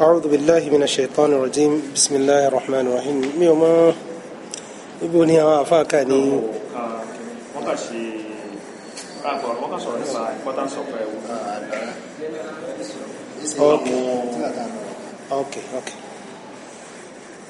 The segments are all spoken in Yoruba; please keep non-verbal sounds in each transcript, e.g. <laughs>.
أعوذ بالله من الشيطان الرجيم بسم الله الرحمن الرحيم ميوما ابني وافاكني اوكي اوكي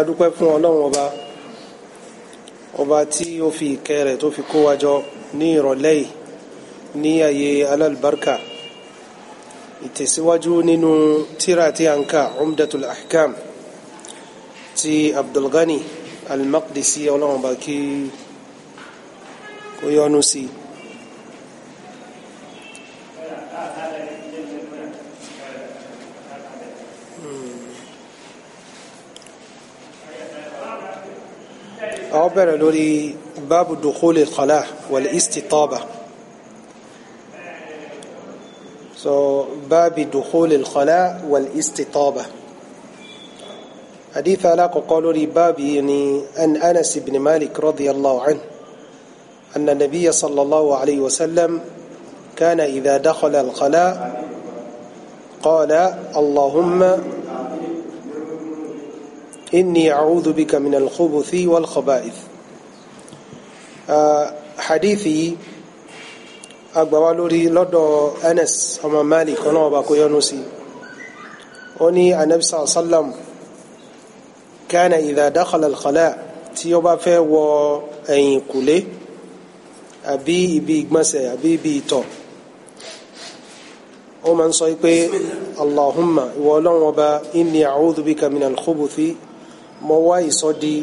adúpẹ́ fún ọlọ́run ọba ọba tí ó fi ìkẹ́ rẹ̀ tó fi kó wa jọ ní ìrọ̀lẹ́ yìí ní ayé alálùbáríkà ìtẹ̀síwájú nínú tíra tí a ń kà umdatul ahkam ti abdulgani almaqdisi ọlọ́run ọba kí ó yọ́nú sí i. عبر لوري باب دخول الخلاء والاستطابة so باب دخول الخلاء والاستطابة حديث علاقة قالوا لي باب يعني أن أنس بن مالك رضي الله عنه أن النبي صلى الله عليه وسلم كان إذا دخل الخلاء قال اللهم إني أعوذ بك من الخبث والخبائث آه حديثي أقبالوري لدو أنس أما مالك ونوبا كيونوسي أني النبي صلى الله عليه وسلم كان إذا دخل الخلاء تيوبا في و أين أبي إبي إجمسي أبي إبي تو ó máa ń sọ pé allahumma ìwọ ọlọ́run ọba inni mo wá ìsọdi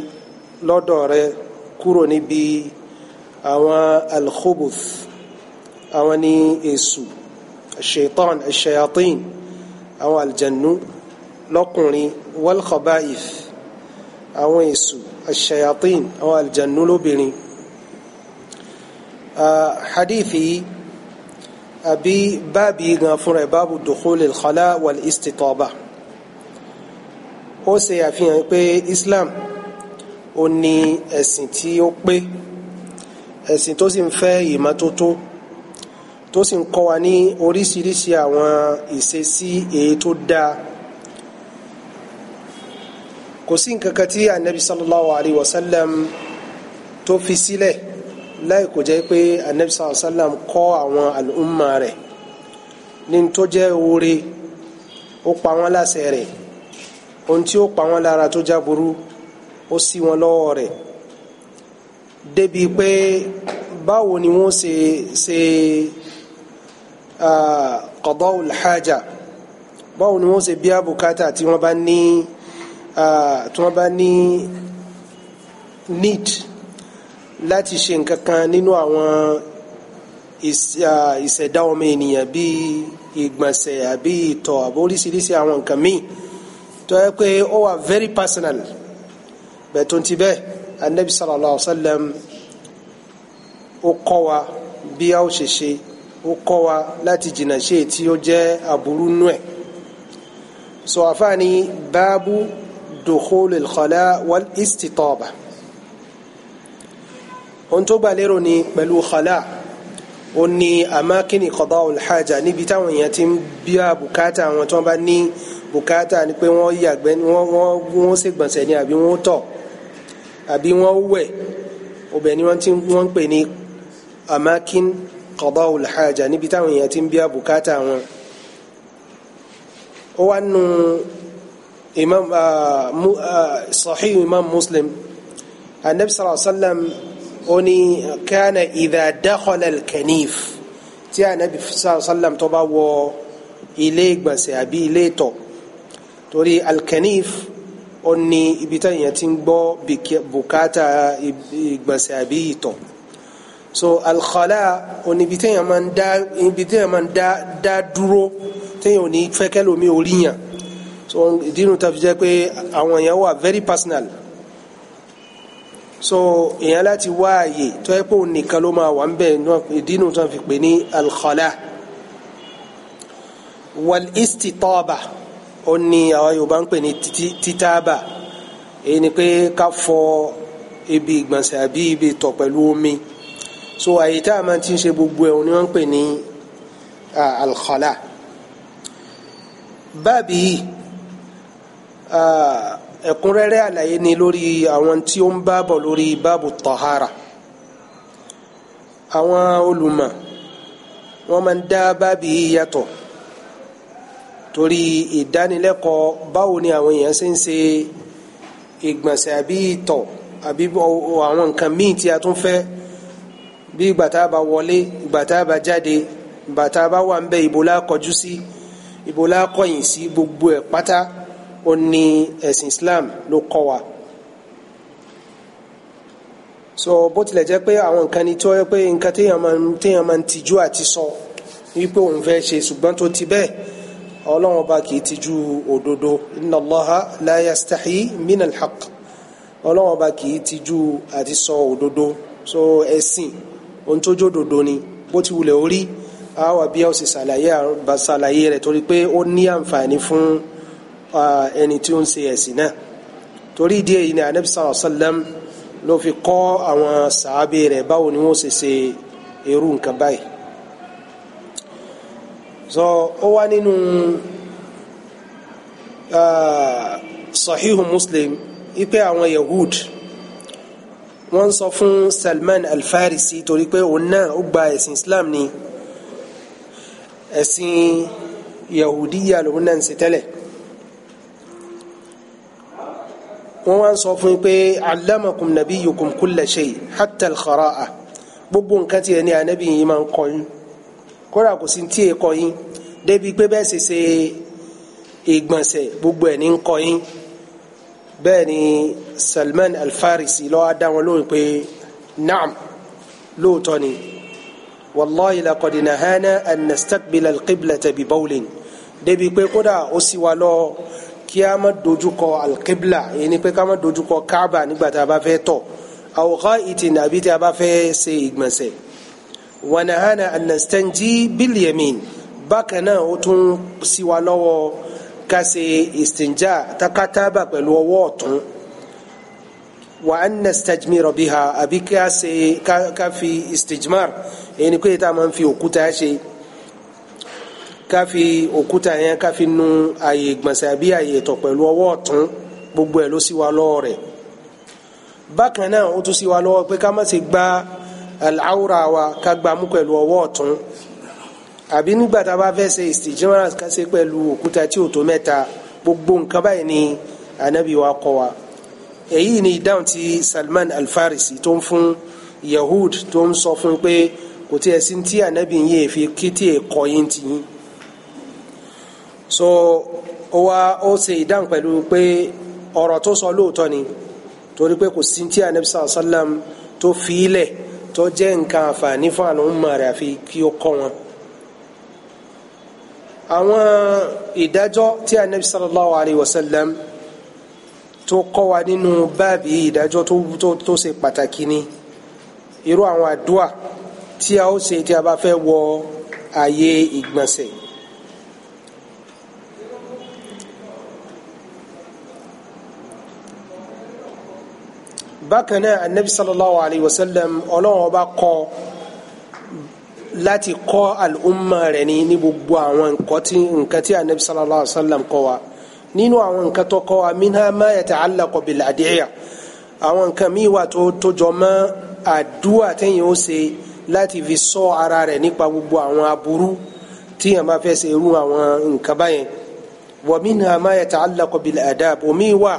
lọ́dọ̀ rẹ kúrò níbi àwọn alkhubuth àwọn ní èṣù ṣaitan ṣayatin àwọn aljannu lọ́kùnrin wal khaba'ith àwọn èṣù ṣayatin àwọn aljannu lóbìnrin hadithi àbí báàbí gan fúnra ẹ̀ báàbù dukhul al khala wal ó ṣe àfihàn pé Islam ó ní ẹ̀sìn tí ó pé ẹ̀sìn tó sì ń fẹ́ ìmọ́tótó tó sì ń kọ́ wa ní oríṣiríṣi àwọn ìṣesí èyí tó dáa kò sí nǹkan kan tí anabi sallallahu alayhi wa sallam tó fi sílẹ̀ láì kò jẹ́ pé anabi sallallahu alayhi wa sallam kọ́ àwọn al'umma rẹ̀ ní tó jẹ́ oore ó pa wọ́n láṣẹ rẹ̀ ohun tí ó pa wọn lára tó jáburú ó ṣí wọn lọ́wọ́ rẹ̀ débi pé báwo ni wọ́n ṣe ṣe qada'ul haja báwo ni wọ́n ṣe bí àbùkátà tí wọ́n bá ní tí wọ́n bá ní need láti ṣe nǹkan kan nínú àwọn ìṣẹ̀dá ọmọ ènìyàn bíi ìgbọ̀nsẹ̀ àbí ìtọ̀ àbóríṣiríṣi àwọn nǹkan míì tó yẹ pé ó wà very personal bẹ́ẹ̀ tó ti bẹ́ẹ̀ anabi sallallahu alayhi wa sallam ó kọ́ wa bí a ó ṣe ṣe ó kọ́ wa láti jìnnà ṣe tí ó jẹ́ aburú nú so àfáàní báàbù dukhul al wal istitaba ohun tó gbà ni pẹ̀lú khala ó ní amákìnì qada al-haja níbi táwọn èèyàn ti ń bí a bùkátà àwọn tí bùkátà ni pé wọ́n yàgbẹ́ wọ́n wọ́n wọ́n ṣègbọ̀nsẹ̀ ni àbí wọ́n tọ̀ àbí wọ́n wẹ̀ ọbẹ̀ ni wọ́n ti wọ́n ń pè ní amakin qada'ul haja níbi táwọn èèyàn ti ń bíá bùkátà wọn. ó wá nu imam ah, ah, sahih imam muslim anabi sallallahu alayhi wa sallam ó ní kana idha dakhala al tí anabi sallallahu alayhi wa sallam tó bá wọ ilé ìgbọ̀nsẹ̀ àbí ilé ìtọ̀ torí alkanif ó ní ibi táyà ti ń gbọ́ bùkátà ìgbọ̀nsẹ̀ àbí ìtọ̀ so alkhala ó ní ibi táyà máa ń dá ibi táyà máa ń dá dá dúró táyà ò ní fẹ́kẹ́ lómi orí so ìdí inú ta fi jẹ́ pé àwọn èèyàn wà very personal so èèyàn láti wá àyè tó yẹ pé òun nìkan ló máa wà ń bẹ ìdí inú fi pè ní alkhala wal istitaba ó ní àwọn Yorùbá ń pè ní títáàbà èyí ni pé ká fọ ibi ìgbọ̀nsẹ̀ àbí ibi ìtọ̀ pẹ̀lú omi so àyè tá a máa ti ń ṣe gbogbo ẹ̀ ni wọ́n ń pè ní alkhala báàbí yìí ẹ̀kúnrẹ́rẹ́ àlàyé ni lórí àwọn tí ó ń bábọ̀ lórí báàbù tọ̀hárà àwọn olùmọ̀ wọ́n máa ń dá báàbí yìí yàtọ̀ torí ìdánilẹ́kọ̀ọ́ báwo ni àwọn èèyàn ṣe ń ṣe ìgbọ̀nsẹ̀ àbí ìtọ̀ àbí àwọn nǹkan míì tí a tún fẹ́ bí ìgbà tá a bá wọlé ìgbà bá jáde ìgbà bá wà ń bẹ ibo kọjú sí ibo la sí gbogbo ẹ̀ pátá ó ní ẹ̀sìn Islam ló kọ́ wa so bó tilẹ̀ jẹ́ pé àwọn nǹkan ni tó yẹ pé nǹkan téèyàn máa ń téèyàn máa ń tijú àti sọ wípé òun fẹ́ ṣe ṣùgbọ́n tó ti bẹ́ẹ̀ ọlọ́run ọba kì í tijú òdodo inna Allaha la yastahi min al-haq ọlọ́run ọba kì í tijú àti sọ òdodo so ẹ̀sìn ohun tó jó òdodo ni bó ti wulẹ̀ orí a wà bí ó sì ṣàlàyé àbá ṣàlàyé rẹ̀ torí pé ó ní àǹfààní fún ẹni tí ó ń ṣe ẹ̀sìn náà torí ìdí èyí ni anabi sallallahu alayhi wa sallam ló fi kọ́ àwọn sàábé rẹ̀ báwo ni wọ́n ṣe ṣe irú nǹkan báyìí so ó wá nínú sahihu muslim ipe àwọn yahud wọ́n sọ fún salman alfarisi torí pé òun náà ó gba ẹ̀sìn islam ni ẹ̀sìn yahudiya lòun náà ń ṣe tẹ́lẹ̀ wọ́n wá sọ fún pé allamakum nabiyukum kulla shay hatta al-khara'a gbogbo nǹkan tiẹ̀ ní anabi yìí máa ń kọ́ yín kódà kò sí tí èkó yín débi pé bẹ́ẹ̀ ṣe ṣe ìgbọ̀nsẹ̀ gbogbo ẹ̀ ní ń kọ́ yín bẹ́ẹ̀ ni Salman Al-Farisi lọ́wọ́ dá wọn lóhùn pé naam lóòótọ́ ni wallahi laqad nahana an nastaqbila al-qiblata bi bawlin débi pé kódà ó sì wá lọ kí a má dojúkọ al èyí ni pé ká má dojúkọ Kaaba nígbà tá a bá fẹ́ tọ̀ aw gha'itin àbí tí a bá fẹ́ ṣe ìgbọ̀nsẹ̀ wanahana anastanji bilyamin bákan náà ó tún sí wa lọ́wọ́ ká ṣe istinja takataba pẹ̀lú ọwọ́ ọ̀tún wa anastajmira biha àbí ká ṣe ká fi istijmar èyí ni pé tá a máa ń fi òkúta ṣe ká fi òkúta yẹn ká fi nu àyè gbọ̀nsẹ̀ àbí àyè ìtọ̀ pẹ̀lú ọwọ́ ọ̀tún gbogbo ẹ̀ ló sí wa lọ́wọ́ rẹ̀ bákan náà ó tún sí wa lọ́wọ́ pé ká má ṣe gbá al-awra wa ká gbámú pẹ̀lú ọwọ́ ọ̀tún àbí nígbà tá a bá fẹ́ ṣe istijmara ká ṣe pẹ̀lú òkúta tí ò tó mẹ́ta gbogbo nǹkan báyìí ni anabi wa kọ́ wa èyí ni ìdáhùn tí Salman al-Farisi tó ń fún Yahud tó ń sọ fún pé kò tí ẹ sí tí anabi yìí èfi kí tí yín tì yín so ó wá ó ṣe ìdáhùn pẹ̀lú pé ọ̀rọ̀ tó sọ lóòótọ́ ni torí pé kò sí tí anabi sallam tó fi í lẹ̀ tó jẹ́ nǹkan àǹfààní fún àwọn ọmọ rẹ̀ àfi kí ó kọ́ wọn. àwọn ìdájọ́ tí anabi sallallahu alayhi wa sallam tó kọ́ wa nínú báàbí ìdájọ́ tó ṣe pàtàkì ni irú àwọn àdúà tí a ó ṣe tí a bá fẹ́ wọ ààyè ìgbọ̀nsẹ̀. bákan náà anabi sallallahu alayhi wa sallam ọlọ́run ọba kọ́ láti kọ́ al'umma rẹ̀ ní ní gbogbo àwọn nǹkan tí anabi sallallahu alayhi wa sallam kọ́ wa nínú àwọn nǹkan tó kọ́ wa minha ma yata'allaqu bil adiya àwọn nǹkan míì wà tó tó jọ mọ́ àdúrà tẹ́yìn ó ṣe láti fi sọ ara rẹ̀ nípa gbogbo àwọn aburú tí yẹn bá fẹ́ ṣe irú àwọn nǹkan báyẹn wa minha ma yata'allaqu bil adab omi wà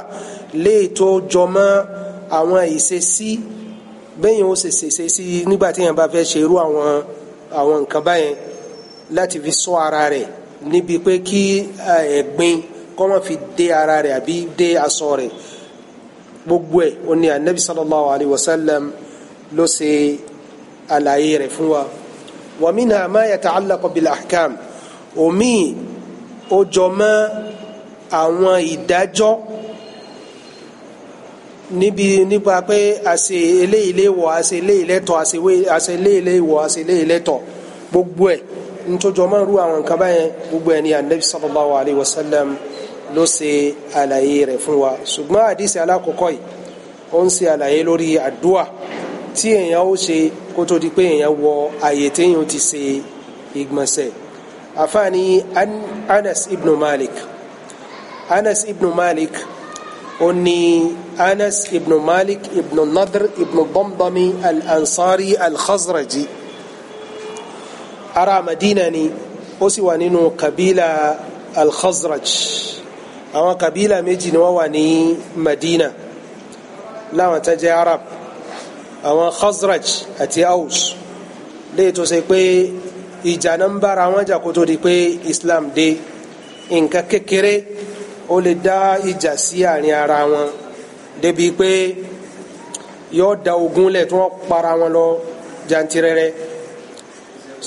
léè tó jọ mọ́ àwọn ìṣesí bẹ́yìn ó ṣèṣèṣe sí nígbà tí yẹn bá fẹ́ ṣe irú àwọn àwọn nǹkan báyẹn láti fi ṣọ́ ara rẹ̀ níbi pé kí ẹ̀gbin kó má fi dé ara rẹ̀ àbí dé aṣọ rẹ̀ gbogbo ẹ̀ ó ní anabi sallallahu alayhi wa sallam ló ṣe àlàyé rẹ̀ fún wa wa minha ma yata'allaqu omi ó jọ mọ́ àwọn ìdájọ́ níbi nípa pé àṣe eléyìí léwọ̀ àṣe eléyìí lẹ́tọ̀ àṣe eléyìí léwọ̀ àṣe eléyìí lẹ́tọ̀ gbogbo ẹ̀ ntójọ́ máa ń rú àwọn nǹkan báyẹn gbogbo ẹ̀ ní anabi sallallahu alayhi wa sallam ló ṣe àlàyé rẹ̀ fún wa ṣùgbọ́n àdìsí alákọ̀ọ́kọ́ yìí ó ń ṣe àlàyé lórí àdúà tí èèyàn ó ṣe kó tó di pé èèyàn wọ àyè téèyàn ti ṣe ìgbọ̀nsẹ̀ àfáàní Anas ibnu Malik Anas ibnu Malik oni anas ibn malik ibn nadr ibn damdami al-ansari al-khazraji ara madina ni ó sì wà nínú kabila al-khazraj àwọn kabila méjì ni wọ́n wà ní madina láwọn tó jẹ́ arab àwọn khazraj àti aus lè tó ṣe pé ìjà náà ń bára wọn jà kó tó di pé islam dé nǹkan kékeré ó lè dá ìjà sí àárín ara wọn débi pé yóò da ogun lẹ̀ tí para wọn lọ jantirẹrẹ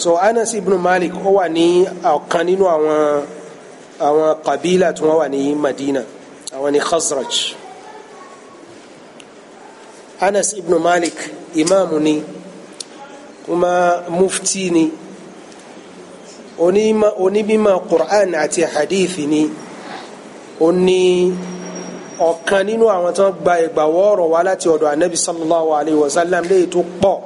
so Anas ibn Malik ó wà ní ọ̀kan nínú àwọn àwọn kabila tí wọ́n wà ní Madina àwọn ní Khazraj Anas ibn Malik imaamu ni kuma mufti ni onímọ̀ onímọ̀ Qur'an àti hadith ni ó ní ọ̀kan nínú àwọn tó ń gba ìgbàwọ́ ọ̀rọ̀ wá láti ọ̀dọ̀ anabi sallallahu alayhi wa sallam léyìí tó pọ̀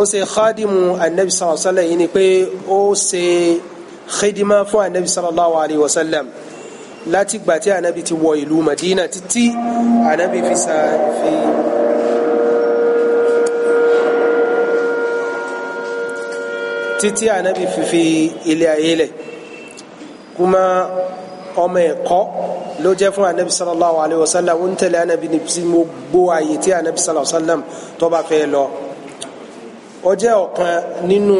ó ṣe khadimu anabi sallallahu alayhi wa sallam yìí ni pé ó ṣe khidima fún anabi sallallahu alayhi wa sallam láti gbà tí anabi ti wọ ìlú madina títí anabi fi sa fi. títí anabi fi fi ilé ayé kuma ọmọ ẹ̀kọ́ ló jẹ́ fún anabi sallallahu alayhi wa sallam ó ń tẹ̀lé anabi ní sí gbogbo ààyè tí anabi sallallahu alayhi wa sallam tó bá fẹ́ lọ ó jẹ́ ọ̀kan nínú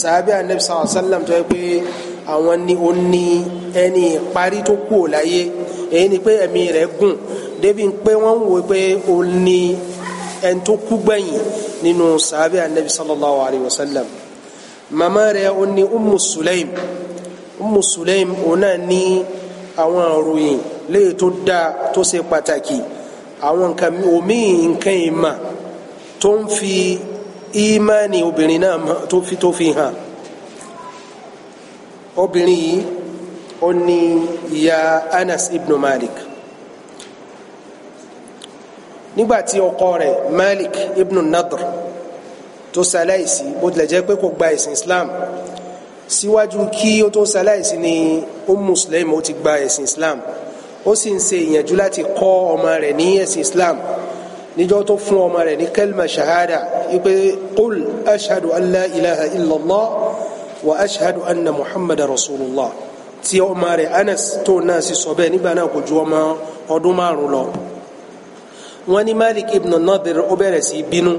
sàábẹ́ anabi sallallahu alayhi wa sallam tó yẹ pé àwọn ni ó ní ẹni parí tó kú ò láyé èyí ni pé ẹ̀mí rẹ̀ gùn débi pé wọ́n wò pé ó ní ẹni tó kú gbẹ̀yìn nínú sàábẹ́ anabi sallallahu alayhi wa ó ní ummu sulaim. Ummu Sulaim òun náà ní àwọn òròyìn léè tó dáa tó ṣe pàtàkì àwọn nǹkan omiì nǹkan ìmà tó ń fi ìmánì obìnrin náà tó fi tó fi hàn obìnrin yìí ó ní ìyá Anas ibn Malik nígbàtí ọkọ rẹ̀ Malik ibn Nadr tó ṣaláìsí bó tilẹ̀ jẹ́ pé kò gba ìsìn Islam síwájú kí ó tó ṣaláìsí ni Ummu Sulaym ó ti gba ẹ̀sìn Islam ó sì ń ṣe ìyànjú láti kọ́ ọmọ rẹ̀ ní ẹ̀sìn Islam níjọ́ tó fún ọmọ rẹ̀ ní kẹlma shahada wípé qul ashhadu an la ilaha illallah wa ashhadu anna muhammadu rasulullah tí ọmọ rẹ̀ Anas tó náà sì sọ bẹ́ẹ̀ nígbà náà kò ju ọmọ ọdún márùn lọ wọ́n ní Malik ibn Nadir ó bẹ̀rẹ̀ sí bínú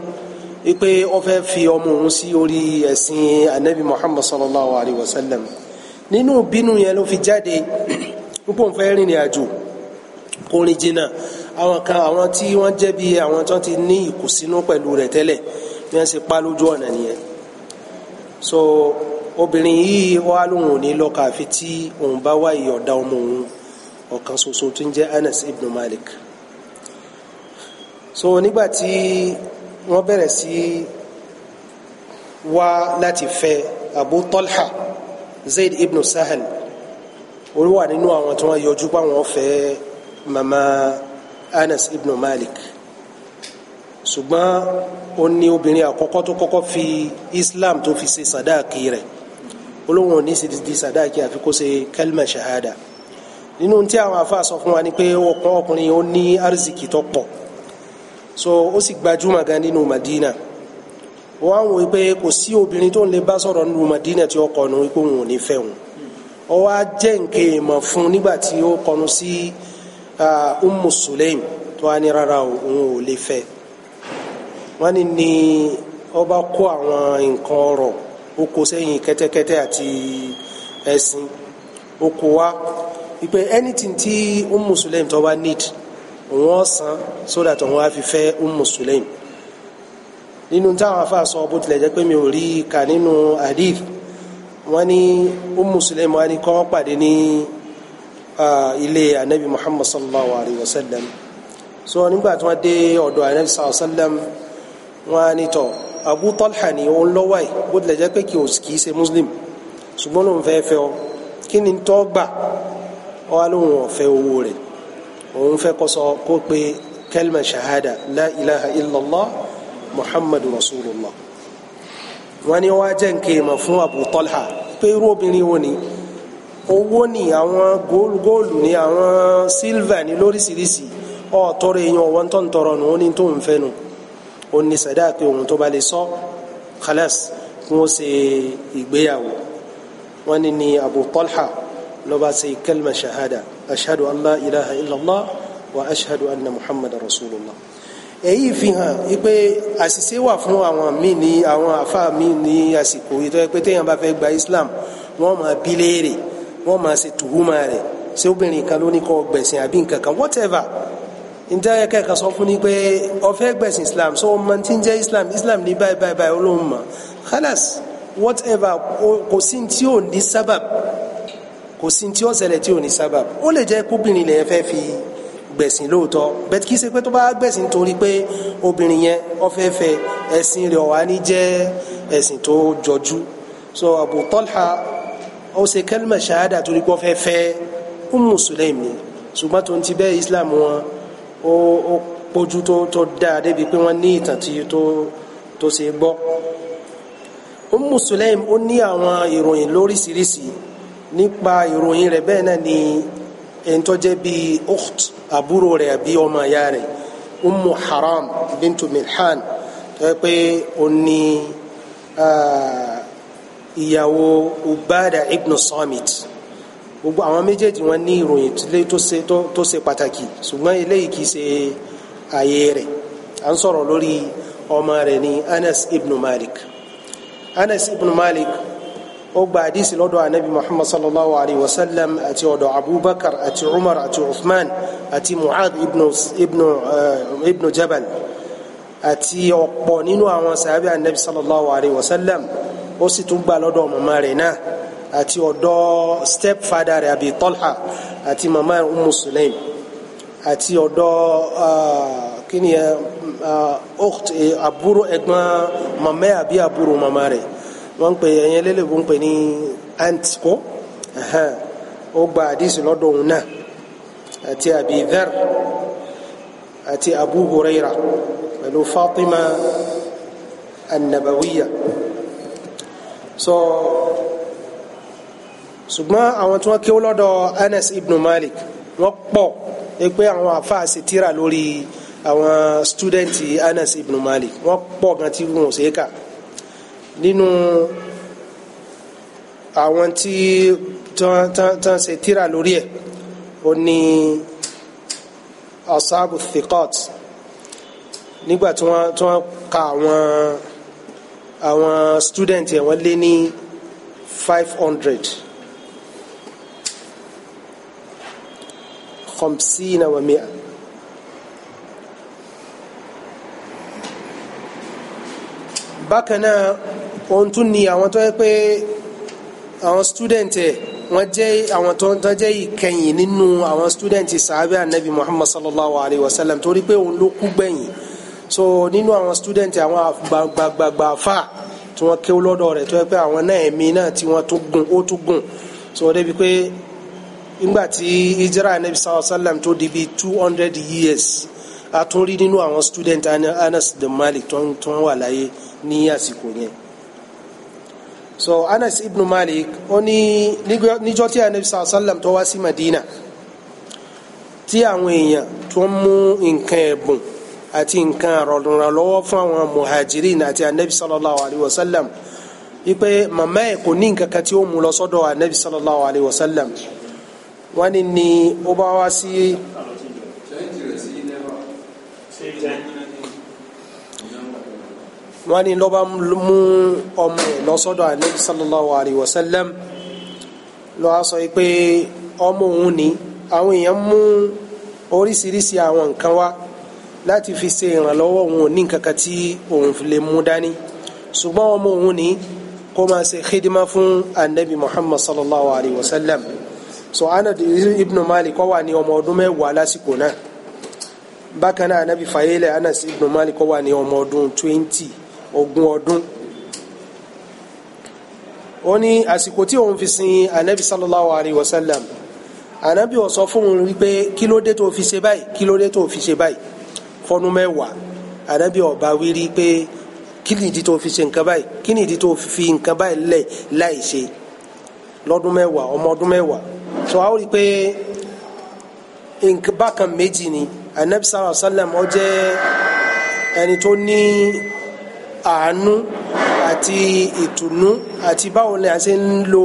ipe ọfẹ fi ọmọ òun sí orí ẹ̀sìn anabi muhammad sallallahu alayhi wa sallam nínú bínú yẹn ló fi jáde púpọ̀ ń rìnrìn àjò kò jìnnà àwọn kan àwọn tí wọ́n jẹ́ bí àwọn tó ti ní ìkùsínú pẹ̀lú rẹ̀ tẹ́lẹ̀ bí wọ́n ṣe pa lójú ọ̀nà nìyẹn so obìnrin yìí wá lóun ní lọ́ka àfi tí òun bá wá ìyọ̀dá ọmọ òun ọ̀kan ṣoṣo tó ń jẹ́ anas ibn malik so nígbà tí wọ́n bẹ̀rẹ̀ sí wá láti fẹ́ Abu Talha Zaid ibn Sahal olúwa nínú àwọn tí wọ́n yọjú pa wọ́n fẹ́ mama Anas ibn Malik ṣùgbọ́n ó ní obìnrin àkọ́kọ́ tó kọ́kọ́ fi Islam tó fi ṣe sàdáàkì rẹ̀ olóhùn ò ní sì di sàdáàkì àfi kó ṣe kalma shahada nínú tí àwọn afa sọ fún wa ni pé ọkùnrin ó ní arzikì tó pọ̀ so ó sì gbajúmọ̀ gan nínú Madina wọ́n á wò pé kò sí obìnrin tó ń lè bá sọ̀rọ̀ nínú Madina tí ó kọnu pé òun ò ní fẹ́ òun ó wá jẹ́ nǹkan èèmọ̀ fún nígbà tí ó kọnu sí Ummu Sulaim tó wá ní rárá òun ò lè fẹ́ wọ́n ní ní ọba kó àwọn nǹkan ọrọ̀ ó sẹ́yìn kẹ́tẹ́kẹ́tẹ́ àti ẹṣin ó kó wípé anything tí Ummu Sulaim tó bá need òun ọ̀sán sódà tó wọn á fi fẹ́ Ummu Sulaim nínú táwọn afa sọ bó tilẹ̀ jẹ́ pé mi ò rí ka nínú hadith wọn ní Ummu Sulaim wọn ni kọ́ pàdé ní ilé anabi Muhammad sallallahu alayhi wa sallam so nígbà tí wọ́n dé ọ̀dọ̀ anabi sallallahu alayhi wa sallam wọn ni tọ̀ Abu Talha ni òun lọ́wọ́ yìí bó tilẹ̀ jẹ́ pé kì í ṣe muslim ṣùgbọ́n lòun fẹ́ fẹ́ ọ kí ni tọ́ gbà ọ wá lóun ọ̀fẹ́ owó rẹ̀ òun fẹ́ kó sọ kó pe kẹlma shahada la ilaha illallah muhammadu rasulillah wọn ni wọn á jẹ́ nǹkan ìmọ̀ fún abu talha pé irú obìnrin wo ni owó ni àwọn góòlù góòlù ni àwọn sílvà ni lóríṣiríṣi ọ tọrọ èèyàn wọn tó ń tọrọ nù ó ní tó ń fẹ́ nù ó ní sàdá pé òun tó bá lè sọ khalas kí wọ́n ṣe ìgbéyàwó wọn ni ni abu talha ṣe kẹlma shahada. أشهد أن لا إله إلا الله وأشهد أن محمد رسول الله èyí fi hàn wípé àṣìṣe wà fún àwọn míì ní àwọn àfa míì ní àsìkò yìí tó yẹ pé téèyàn bá fẹ́ gba Islam wọ́n máa bí léèrè wọ́n máa ṣe tùhúmà rẹ̀ ṣé obìnrin kan ló ní kọ́ gbẹ̀sìn àbí nǹkan kan whatever njẹ́ ẹ kẹ́kẹ́ sọ fún ni pé ó fẹ́ gbẹ̀sìn Islam so ọmọ tí ń jẹ́ Islam Islam ní báyìí báyìí olóhùn mọ̀ kálàs whatever kò sí tí ò ní sábàbí kò sí tí ó ṣẹlẹ̀ tí ò ní sábàb ó lè jẹ́ kóbìnrin lè fẹ́ fi gbẹ̀sìn lóòótọ́ bẹ́ẹ̀ kì ṣe pé tó bá gbẹ̀sìn torí pé obìnrin yẹn ó fẹ́ ẹ̀sìn rẹ̀ wá ní jẹ́ ẹ̀sìn tó jọjú so Abu Talha ó ṣe kẹ́lìmà ṣáádà torí pé ó fẹ́ fẹ́ Ummu Sulaym ni ṣùgbọ́n tó ń ti bẹ́ẹ̀ Islam wọn ó pójú tó tó dáa débi pé wọ́n ní ìtàn tí tó tó ṣe gbọ́ Ummu Sulaym ó ní àwọn ìròyìn lóríṣiríṣi nípa ìròyìn rẹ̀ bẹ́ẹ̀ náà ni ẹni tó jẹ́ bíi ukht àbúrò rẹ̀ àbí ọmọ ìyá rẹ̀ ummu haram bintu milhan tó yẹ pé ó ní ìyàwó ubada ibn samit gbogbo àwọn méjèèjì wọn ní ìròyìn tó ṣe pàtàkì ṣùgbọ́n eléyìí kì í ṣe ààyè rẹ̀ à ń sọ̀rọ̀ lórí ọmọ rẹ̀ ní anas ibn malik anas ibn malik ó gba àdísì lọ́dọ̀ anabi muhammad sallallahu alayhi wa sallam àti ọ̀dọ̀ abubakar àti umar àti uthman àti mu'adh ibnu ibnu eh, ibnu jabal àti ọ̀pọ̀ nínú àwọn sàbí anabi sallallahu alayhi wa sallam ó sì tún gba lọ́dọ̀ màmá rẹ̀ náà àti ọ̀dọ̀ step father rẹ̀ abi talha àti màmá umu sulaim àti ọ̀dọ̀ eh, kí ni ẹ eh, ọ̀ht àbúrò ẹ̀gbọ́n màmá àbí àbúrò màmá rẹ̀ wọ́n ń pè ẹ̀yìn elélébo ń pè ní antiko ó gba àdísì lọ́dọ̀ òun náà àti Abi àti Abu Huraira pẹ̀lú Fatima annabawiya so ṣùgbọ́n àwọn tí wọ́n kí lọ́dọ̀ Anas ibn Malik wọ́n pọ̀ pé àwọn àfáà sì tíra lórí àwọn student Anas ibn Malik wọ́n pọ̀ gan tí wọ́n ṣe é kà nínú àwọn tí tán ṣe tíra lórí ẹ̀ ó ní asabu thiqat nígbà tí wọ́n ka àwọn àwọn student yẹn wọ́n lé ní five hundred na wa mi'a. bákan náà ohun tún ni àwọn tó yẹ pé àwọn student ẹ̀ wọ́n jẹ́ àwọn tó ń tọ́jẹ́ ìkẹyìn nínú àwọn student sàábẹ́ anabi muhammad sallallahu alayhi wa sallam torí pé òun ló kú gbẹ̀yìn so nínú àwọn student àwọn gbàgbàgbà fà tí wọ́n kéwú lọ́dọ̀ rẹ̀ tó yẹ pé àwọn náà ẹ̀mí náà tí wọ́n tó gùn ó tó gùn so débi pé nígbà tí Israel, anabi sallallahu alayhi wa sallam tó di bíi two hundred years a tún rí nínú àwọn student anas de malik tó ń wà láyé ní àsìkò yẹn so Anas ibn Malik ó ní níjọ́ tí anabi sallam tó wá sí Madina tí àwọn èèyàn tó ń mú nǹkan ẹ̀bùn àti nǹkan àrọ̀lùrànlọ́wọ́ fún àwọn muhajirin àti anabi sallallahu alayhi wa sallam wípé màmá ẹ̀ kò ní nǹkan kan tí ó mú lọ sọ́dọ̀ anabi sallallahu alayhi wa sallam wọ́n ní ni ó bá wá sí. wọ́n ní lọ́ba mú ọmọ ẹ̀ lọ́sọ́dọ̀ anabi sallallahu alayhi wa sallam lọ́wọ́ sọ pé ọmọ òun ni àwọn èèyàn mú oríṣiríṣi àwọn nǹkan wá láti fi ṣe ìrànlọ́wọ́ òun ní kankan tí òun lè mú dání ṣùgbọ́n ọmọ òun ni kó máa ṣe xidima fún anabi muhammad sallallahu alayhi wa sallam so anad ibn malik wà ní ọmọ ọdún mẹ́wàá lásìkò náà bákan náà anabi fayele anas ibn malik wà ní ọmọ ọdún twenty ogún ọdún ó ní àsìkò tí òun fi sin anabi sallallahu alayhi wa sallam anabi ó sọ fún un wípé kí ló dé tó fi ṣe báyìí kí ló dé tó fi ṣe báyìí fọnú mẹ́wàá anabi ó bá wí rí pé kí ni ìdí tó fi ṣe nǹkan báyìí kí ni ìdí tó fi nǹkan báyìí lẹ̀ láì ṣe lọ́dún mẹ́wàá ọmọ ọdún mẹ́wàá so a ó rí i pé nǹkan bákan méjì ni anabi sallallahu alayhi wa sallam ó jẹ́ ẹni tó ní àánú àti ìtùnú àti báwo ni a ṣe ń lo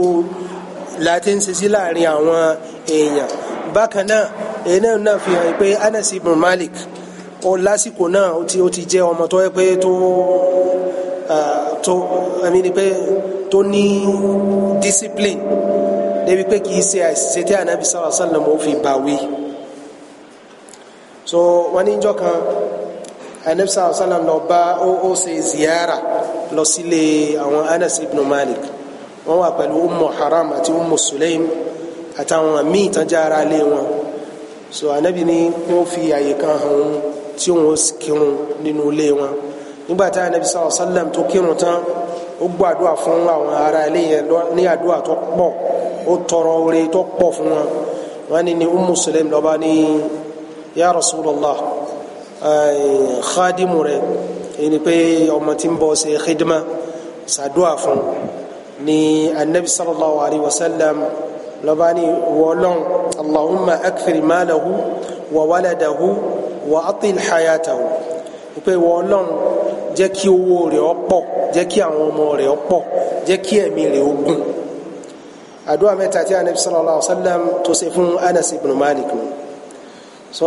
láti ń sisi láàrin àwọn èèyàn bákan náà èyí náà náà fi hàn pé Anas ibn Malik ó lásìkò náà ó ti ó ti jẹ́ ọmọ tó yẹ pé tó tó ẹ̀mí ni pé tó ní discipline débi pé kì í ṣe àṣìṣe tí Ànábì sallallahu alaihi wasallam ó fi bàwí so wọ́n ní ìjọ kan anabisa asalam lọ bá ó ó ṣe ziyara lọ sílé àwọn anas ibn malik wọn wà pẹ̀lú umu haram àti umu sulaim àtàwọn míì tán jára lé wọn so anabi ni wọn fi àyè kan hàn wọn tí wọn kírun nínú ilé wọn nígbà tí anabi sàlọ sàlẹm tó kírun tán ó gbàdúrà fún àwọn ará ilé yẹn ní àdúrà tó pọ̀ ó tọrọ oore tó pọ̀ fún wọn wọn ni ni umu sulaim lọba ní ya rasulallah xaadimu rẹ ẹni pé ọmọ tí ń bọ̀ ṣe xidima ṣàdúrà fún ni anabi sallallahu alayhi wa sallam lọba ni wọlọ́n allahumma akfir maalahu wa waladahu wa atil hayatahu pé wọlọ́n jẹ́ owó rẹ̀ ó pọ̀ àwọn ọmọ rẹ̀ ó pọ̀ jẹ́ kí ẹ̀mí rẹ̀ ó gùn anabi sallallahu alayhi wa sallam tó ṣe anas ibn malik so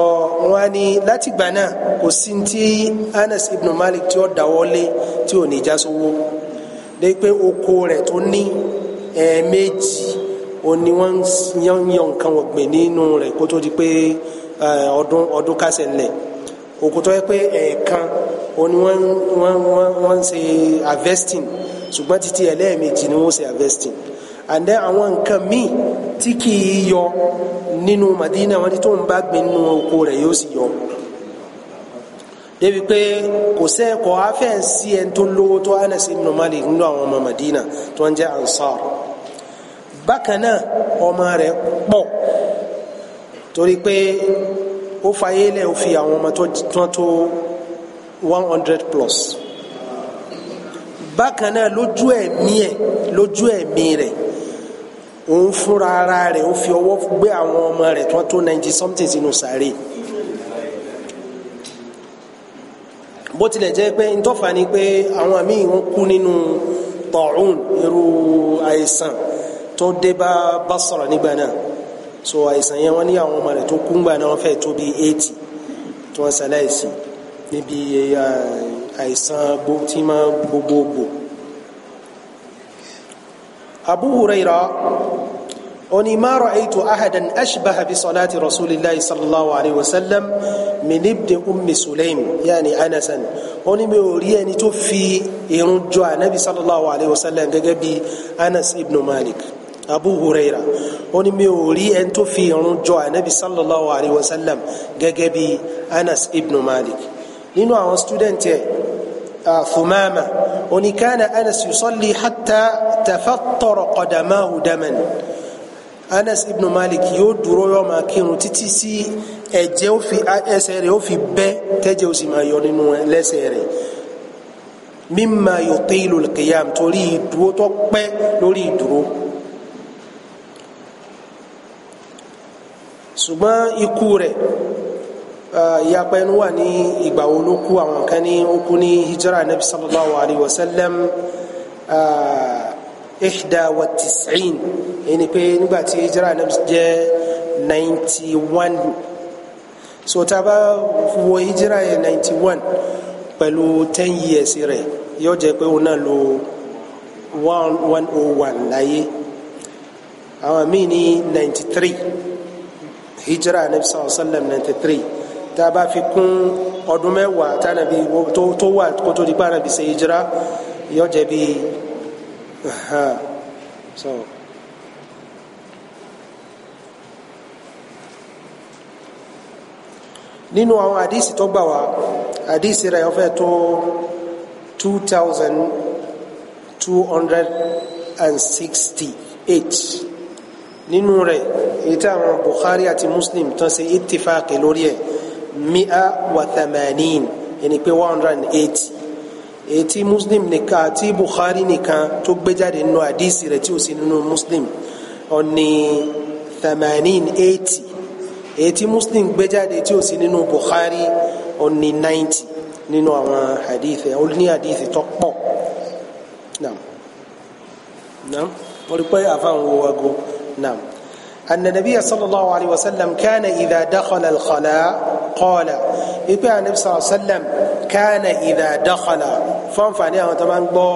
wọn ni láti gbà náà kò sí ti Anas ibn Malik tí ó dáwọ́lé tí ò ní já sówó dé pé oko rẹ̀ tó ní ẹ̀ẹ̀mejì ó ní wọ́n yan nǹkan ọ̀gbìn nínú rẹ̀ kó tó di pé ọdún ọdún kásẹ̀ ńlẹ̀ oko tó yẹ pé ẹ̀ẹ̀kan ó ní wọ́n wọ́n wọ́n ń ṣe harvesting ṣùgbọ́n títí ẹlẹ́ẹ̀mejì ni wọ́n ṣe harvesting and then àwọn nǹkan míì tí kì í yọ nínú Madina wọn ni tó ń bá gbin nínú oko rẹ̀ yóò sì yọ débi pé kò sẹ́ kò á fẹ́ sí ẹni tó lówó tó Anas ibn Malik nínú àwọn ọmọ Madina tó ń jẹ́ Ansar bákan náà ọmọ rẹ̀ pọ̀ torí pé ó fayé lẹ̀ ó àwọn ọmọ tó tó one hundred plus bákan náà lójú ẹ̀mí ẹ̀ lójú ẹ̀mí rẹ̀ òun fúnra ara rẹ̀ ó fi ọwọ́ gbé àwọn ọmọ rẹ̀ tí wọ́n tó ninety something sínú sàárè bó tilẹ̀ jẹ́ pé ntọ́fà ni pé àwọn míì wọ́n kú nínú tọ̀hún irú àìsàn tó dé bá Basra nígbà náà so àìsàn yẹn wọ́n ní àwọn ọmọ rẹ̀ tó kú ńgbà náà wọ́n fẹ́ tó bí eighty tí wọ́n ṣaláìsí níbi eh, àìsàn tí máa gbogbogbò abu huraira oni ma ra'aytu ahadan ashbaha bi salati rasulillahi sallallahu alayhi wa sallam min ibni ummi sulaim yani anasan oni mi ò rí ẹni tó fi irun jọ anabi sallallahu alayhi wa sallam gẹ́gẹ́ bí anas ibn malik abu huraira ó ní mi ò rí ẹni tó fi irun jọ anabi sallallahu alayhi wa sallam gẹ́gẹ́ anas ibn malik nínú àwọn student ẹ̀ ثمامة وإن كان أنس يصلي حتى تفطر قدماه دما أنس ابن مالك يدرو يوم كينو تتسي أجو في أسيري وفي ب تجو سما يونينو لسيري مما يطيل القيام تولي درو تقبي لولي درو سما يكوري Ah, ìyapa ẹnu wà ní ìgbà wo ló kú àwọn kan ní ó kú ní hijra nabi sallallahu alayhi wa sallam ah, ihda wa tis'in ẹni pé nígbà tí hijra nabi jẹ́ ninety one so tá wo hijra yẹn ninety one pẹ̀lú ten years rẹ̀ yóò jẹ́ pé òun náà lo one one oh one láyé àwọn míì ní ninety three hijra nabi sallallahu alayhi wa sallam ninety three tá a bá fi kún ọdún mẹ́wàá tánàbí tó wà kó tó di pa ànàbí ṣe hijira yóò jẹ́ bí so. nínú àwọn àdísì tó gbà wá àdísì rẹ̀ ó tó two thousand two hundred and sixty eight nínú rẹ̀ èyí tí àwọn Bukhari àti Muslim tán ṣe ittifaq lórí ẹ̀ mi'a wa thamanin ẹni pé one hundred and eighty ètí muslim nìkan àti bukhari nìkan tó gbé jáde nínú àdísì rẹ̀ tí ó sì nínú muslim ọ̀nì thamanin eighty ètí muslim gbé jáde tí ó sì nínú bukhari ọ̀nì ninety nínú àwọn àdísì ó ní àdísì tó pọ̀ naam naam wọ́n rí pé àfáwọn wo wago naam anna nabiyya sallallahu alayhi wa sallam kana idha dakhala qala ipe anabi sallallahu alayhi wa sallam kana idha dakhala fọ́nfààní àwọn tó máa ń gbọ́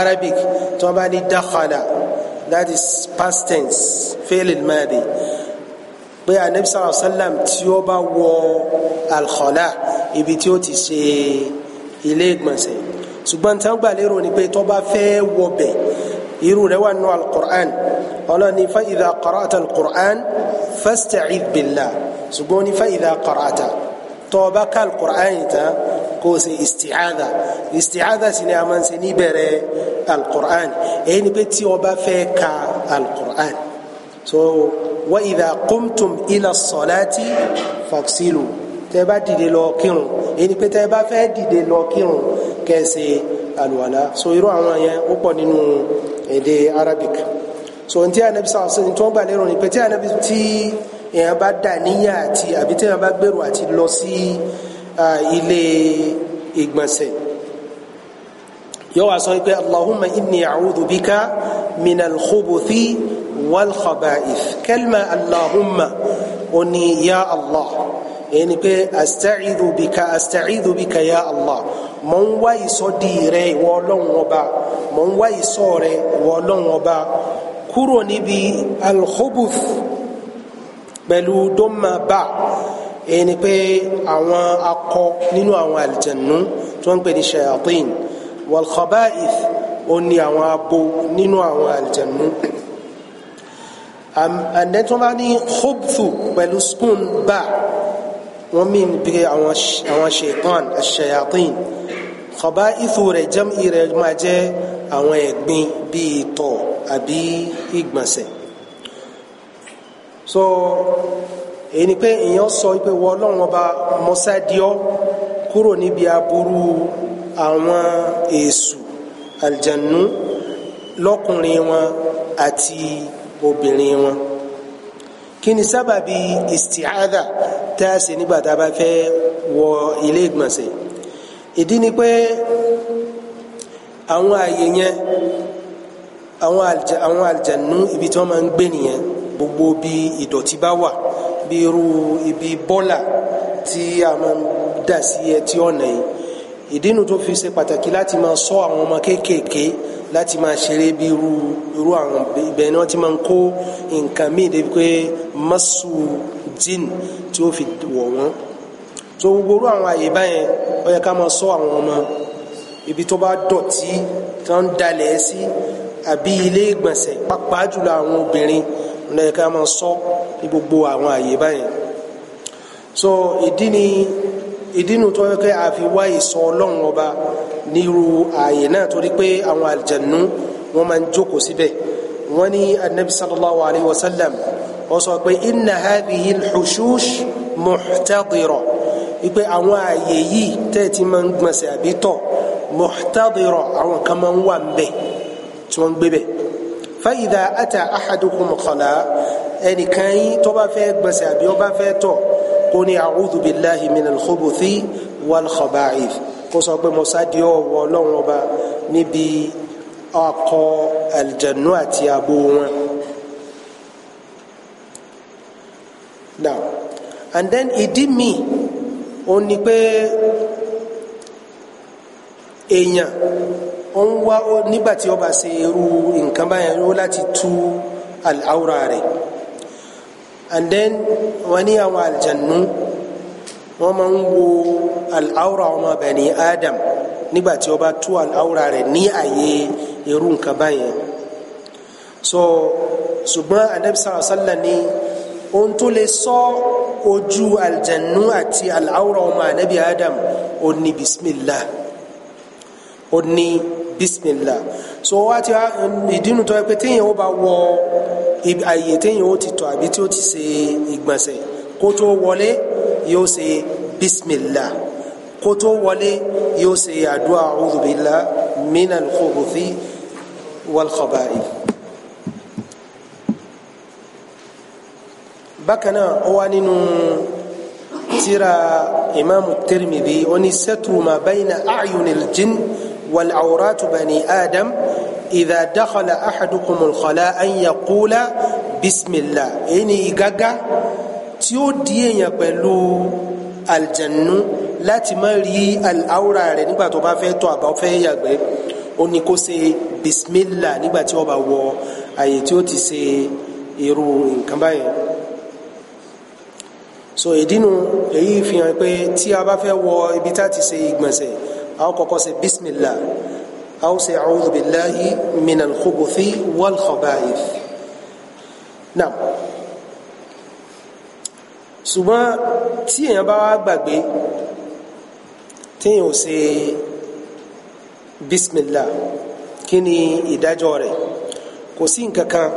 arabic tó bá ní dakhala that is past tense fi'l al-madi pé anabi sallallahu alayhi wa sallam tí ó bá wọ alkhala ibi tí ó ti ṣe ilé ìgbọ̀nsẹ̀ ṣùgbọ́n tí wọ́n gbà lérò ni pé tó bá fẹ́ wọbẹ̀ irú rẹ̀ wà nù al-Qur'an ọlọ́ni fa idha qara'ta al-Qur'an fasta'id billah ṣùgbọ́n ní fàyídà kọ̀ràtà tọ́ọ̀bá kàl kùránì tán kó o ṣe ìstìcádà ìstìcádà sì ni a máa ń ṣe níbẹ̀rẹ̀ alkùránì èyí ni pé tí o bá fẹ́ ka alkùránì so wa ìdá kúmtùm ilà sọ̀láti fàksílù tẹ́ bá dìde lọ kírun èyí ni pé tẹ́ bá fẹ́ dìde lọ kírun kẹ́ alùwàlà so irú àwọn yẹn ó pọ̀ nínú èdè arabic so ntí anabi sàlùsọ ní tí wọ́n gbà lérò ni pé tí anabi ti èèyàn bá dà níyà àti àbí téèyàn bá gbèrò àti lọ sí ilé ìgbọ̀nsẹ̀ yóò wá sọ pé allahumma inni a'udhu bika min al-khubuthi wal khaba'ith kẹlma allahumma ó ní ya allah èyí ni pé asta'idhu bika asta'idhu bika ya allah mò ń wá ìsọdí rẹ ìwọ ọlọ́run ọba mò ń wá ìsọ rẹ ìwọ ọlọ́run ọba kúrò níbi al pẹ̀lú dọ́mà bá ẹni pé àwọn akọ nínú àwọn àlìjẹ̀nù tí wọ́n ń pè ní shayatin wal khaba'ith ó ní àwọn abo nínú àwọn àlìjẹ̀nù àndẹ́ tí wọ́n bá ní khubthu pẹ̀lú spoon bá wọ́n mí bí àwọn shaitan shayatin khaba'ithu rẹ̀ jam'i rẹ̀ máa jẹ́ àwọn ẹ̀gbin bíi ìtọ̀ àbí ìgbọ̀nsẹ̀ so èyí ni pé èèyàn sọ pé wọ ọlọ́run ọba mọ́sádìọ́ kúrò níbi aburú àwọn èṣù àlìjànú lọ́kùnrin wọn àti obìnrin wọn kí ni sábàbí isti'adha tá a ṣe nígbà tá a bá fẹ́ wọ ilé ìgbọ̀nsẹ̀ ìdí ni pé àwọn àyè yẹn àwọn àlìjànú ibi tí wọ́n máa ń gbé nìyẹn gbogbo bí ìdọ̀tí bá wà bí irú ibi bọ́là tí a máa ń dà sí ẹtí ọ̀nà yìí ìdínú tó fi ṣe pàtàkì láti máa ṣọ́ àwọn ọmọ kéékèèké láti máa ṣeré bí irú irú àwọn ibẹ̀ ni wọ́n ti máa ń kó nǹkan míì débi pé masu jin tí ó fi wọ̀ wọ́n so gbogbo irú àwọn àyè báyẹn ó yẹ ká máa ṣọ́ àwọn ọmọ ibi tó bá dọ̀tí tó ń dalẹ̀ sí àbí ilé ìgbọ̀nsẹ̀ pàápàá jùlọ àwọn obìnrin ní ẹ̀ka máa sọ ní gbogbo àwọn àyè báyìí so ìdí ni ìdínú tó yẹ kí a fi wá ìsọ ọlọ́run ọba nírú ààyè náà torí pé àwọn àlìjànú wọn máa ń jókòó síbẹ̀ wọn ní anabi sallallahu alayhi wa sallam wọn sọ pé inna hadhihi al-hushush muhtadira àwọn ààyè yìí tẹ́ẹ̀tì máa ń gbọ̀nsẹ̀ àbí tọ̀ muhtadira àwọn kan máa ń wà ń bẹ̀ tí wọ́n ń gbé bẹ́ẹ̀ fàyídà àtà àhàdùkùn kọ̀là ẹnìkan yín tó bá fẹ́ gbọ̀nsẹ̀ àbí ó bá fẹ́ tọ̀ kó ní a'udhu billahi minal khubuthi wal khaba'ith kó sọ pé mọ̀sádìí ọ̀wọ́ ọlọ́run ọba níbi akọ now and then ìdí mi ò ní ó ń wá nígbà tí ó bá ṣe irú nǹkan báyẹn ó láti tú àwòrán rẹ̀ and then wọ́n ní àwọn àlùjànnú wọ́n máa ń wo àwòrán ọmọ Adam nígbà tí tú àwòrán rẹ̀ ní àyè irú nǹkan báyẹn so ṣùgbọ́n anabi sallallahu ni ohun tó lè sọ ojú aljannu àti al'aura ọmọ anabi adam ó ní bismillah ó ní bismillah so wá ti ìdínú tó yẹ pé téèyàn ó bá wọ àyè téèyàn ó ti tọ̀ àbí tí ó ti ṣe ìgbọ̀nsẹ̀ kó tó wọlé yóò ṣe bismillah kó tó wọlé yóò ṣe àdúrà a'udhu billahi minal khubuthi wal khaba'ith. bákan náà ó wá nínú tírà imaamu Tirmidhi ó ní satru ma bayna a'yunil والعورات بني آدم إذا دخل أحدكم الخلاء أن يقول بسم الله إني إجاجا تيودي يقبلوا الجنة láti má rí àwòrà rẹ̀ nígbà tó bá fẹ́ tọ̀ àbá fẹ́ yàgbẹ́ ó ní kó ṣe bisimilà nígbà tí ó bá wọ àyè so ìdínú èyí fi hàn pé tí a bá fẹ́ wọ ibi tá ti ṣe ìgbọ̀nsẹ̀ a ó kọ́kọ́ ṣe bismillah a ó ṣe a'udhu billahi minal khubuthi wal khaba'ith náà ṣùgbọ́n tí èèyàn bá wá gbàgbé tí èèyàn ò ṣe bismillah kí ni ìdájọ́ rẹ̀ kò kan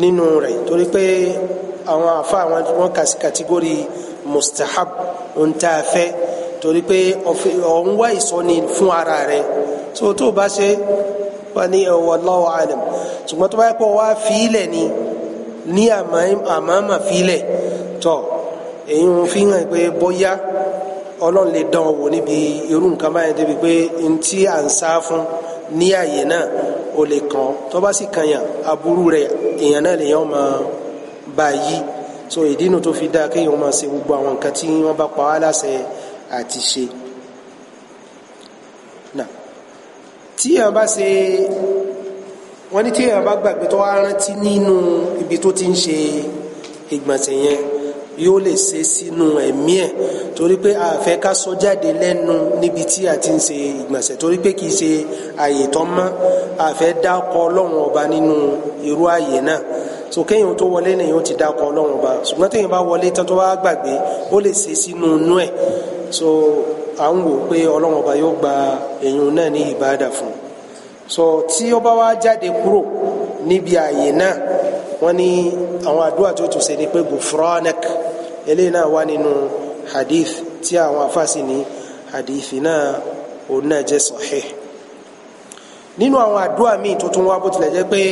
nínú rẹ̀ torí pé àwọn àfa àwọn wọn kà mustahab ń tá a torí pé ọ̀n wá ìsọni fún ara rẹ tó tó bá ṣe wà ní wallahu alam ṣùgbọ́n tó bá yẹ wá fílẹ̀ ni ní àmàmà fílẹ̀ tọ̀ èyí ń fi hàn pé bóyá ọlọ́run lè dán wò níbi irú nǹkan báyẹn débi pé n tí à ń sá fún ní àyè náà o lè kàn tó bá sì kàn yàn aburú rẹ èèyàn náà lè yàn máa bá yí so ìdí inú tó fi dáa kéèyàn máa ṣe gbogbo àwọn nǹkan tí wọ́n bá pa á láṣẹ àti ṣe náà tí èèyàn bá ṣe wọ́n ní tí èèyàn bá gbàgbé tó wá rántí nínú ibi tó ti ń ṣe ìgbọ̀nsẹ̀ yẹn yóò lè ṣe sínú ẹ̀mí ẹ̀ torí pé a fẹ́ ká sọ jáde lẹ́nu níbi tí a ti ń ṣe ìgbọ̀nsẹ̀ torí pé kì ṣe àyè tán mọ́ a fẹ́ dákọ ọlọ́run ọba nínú irú àyè náà so kéèyàn tó wọlé nìyẹn ó ti dákọ ọlọ́run ọba ṣùgbọ́n téèyàn bá wọlé tán tó bá gbàgbé ó lè ṣe sínú inú ẹ̀ so à ń wò pé ọlọ́run ọba yóò gba èyàn náà ní ìbáàdà fún un so tí ó bá wá jáde kúrò níbi ààyè náà wọ́n ní àwọn àdúrà tó tún ṣe ni pé gufranak eléyìí náà wá nínú hadith tí àwọn afáàsì ní hadith náà òun náà jẹ́ sahih nínú àwọn àdúrà míì tó tún wá bó tilẹ̀ jẹ́ pé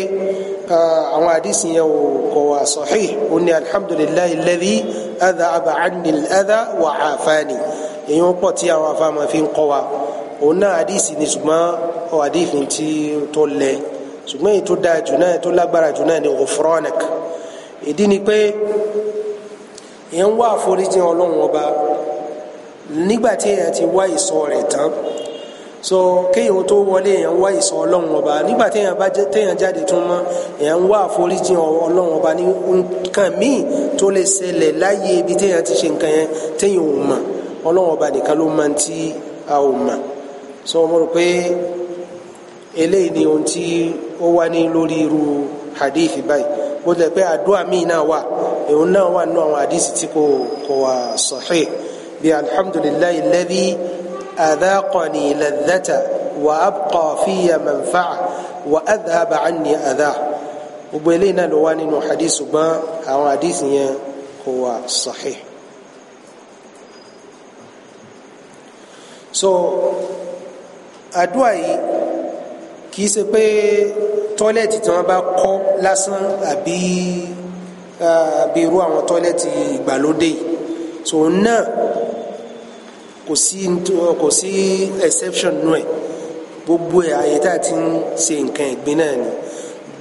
àwọn àdísì yẹn ò kò wà sahih ó ní alhamdulillahi alladhi adha aba'anil adha wa afani èyí ń pọ̀ tí àwọn afáàmà fi ń kọ́ wa òun náà àdìsí ni ṣùgbọ́n ọ àdìsí ti tó lẹ ṣùgbọ́n èyí tó dáa jù náà tó lágbára jù náà ni ghufranak ìdí ni pé èyí ń wá àforíjì ọlọ́run ọba nígbà tí èyàn ti wá ìsọ rẹ̀ tán so kéèyàn tó wọlé èyàn wá ìsọ ọlọ́run ọba nígbà téèyàn bá téèyàn jáde tún mọ́ èyàn ń wá àforíjì ọlọ́run ọba ní nǹkan míì tó lè ṣẹlẹ̀ láyé ibi téèyàn ti ṣe nǹkan yẹn téèyàn ò mọ̀ ọlọ́wọ́n ọba nìkan ló máa ń tí a ò mà so mo rò pé eléyìí ni ohun tí ó wá ní lórí irú hadith báyìí bó tilẹ̀ pé àdúrà míì náà wà èèyàn náà wà nínú àwọn hadith tí kò kò wà sahih bí alhamdulillahi alladhi adhaqani ladhata wa abqa fiya manfa'a wa adhaba anni adha gbogbo eléyìí náà ló wá nínú hadith ṣùgbọ́n àwọn hadith yẹn kò wà sahih. so àdúrà yìí kìí ṣe pé tọ́lẹ̀tì tí wọ́n bá kọ́ lásán àbí àbí irú àwọn tọ́lẹ̀tì ìgbàlódé yìí so náà kò sí kò sí exception nù ẹ̀ gbogbo ẹ̀ àyè tá a ti ń ṣe nǹkan ẹ̀gbin náà ni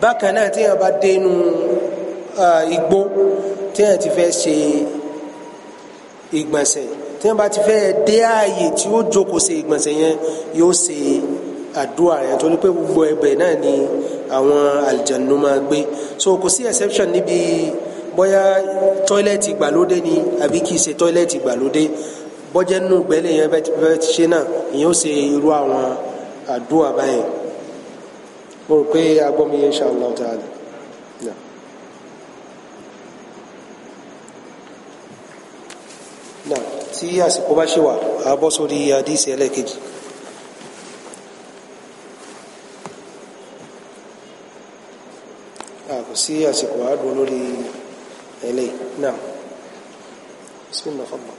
bákan náà téèyàn bá dé inú igbó téèyàn ti fẹ́ ṣe ìgbọ̀nsẹ̀ tí wọ́n bá ti fẹ́ dé ààyè tí ó jókòó ṣe ìgbọ̀nsẹ̀ yẹn yóò ṣe àdúrà yẹn torí pé gbogbo ẹ̀bẹ̀ náà ni àwọn àlìjànnú máa gbé so kò sí exception níbi bóyá tọ́ílẹ̀tì ìgbàlódé ni àbí kì í ṣe tọ́ílẹ̀tì ìgbàlódé bọ́jẹ́ nù gbẹ́lẹ̀ yẹn bẹ́ẹ̀ ti ṣe náà ìyẹn ó ṣe irú àwọn àdúrà báyẹn mo rò pé agbọ́mi insha Allah ta'ala. tí àsìkò bá ṣe wà á bọ́ sórí àdìsí ẹlẹ́ẹ̀kejì. kò sí àsìkò àádùn lórí ẹlẹ́yìn náà sí ìnáfàmọ́.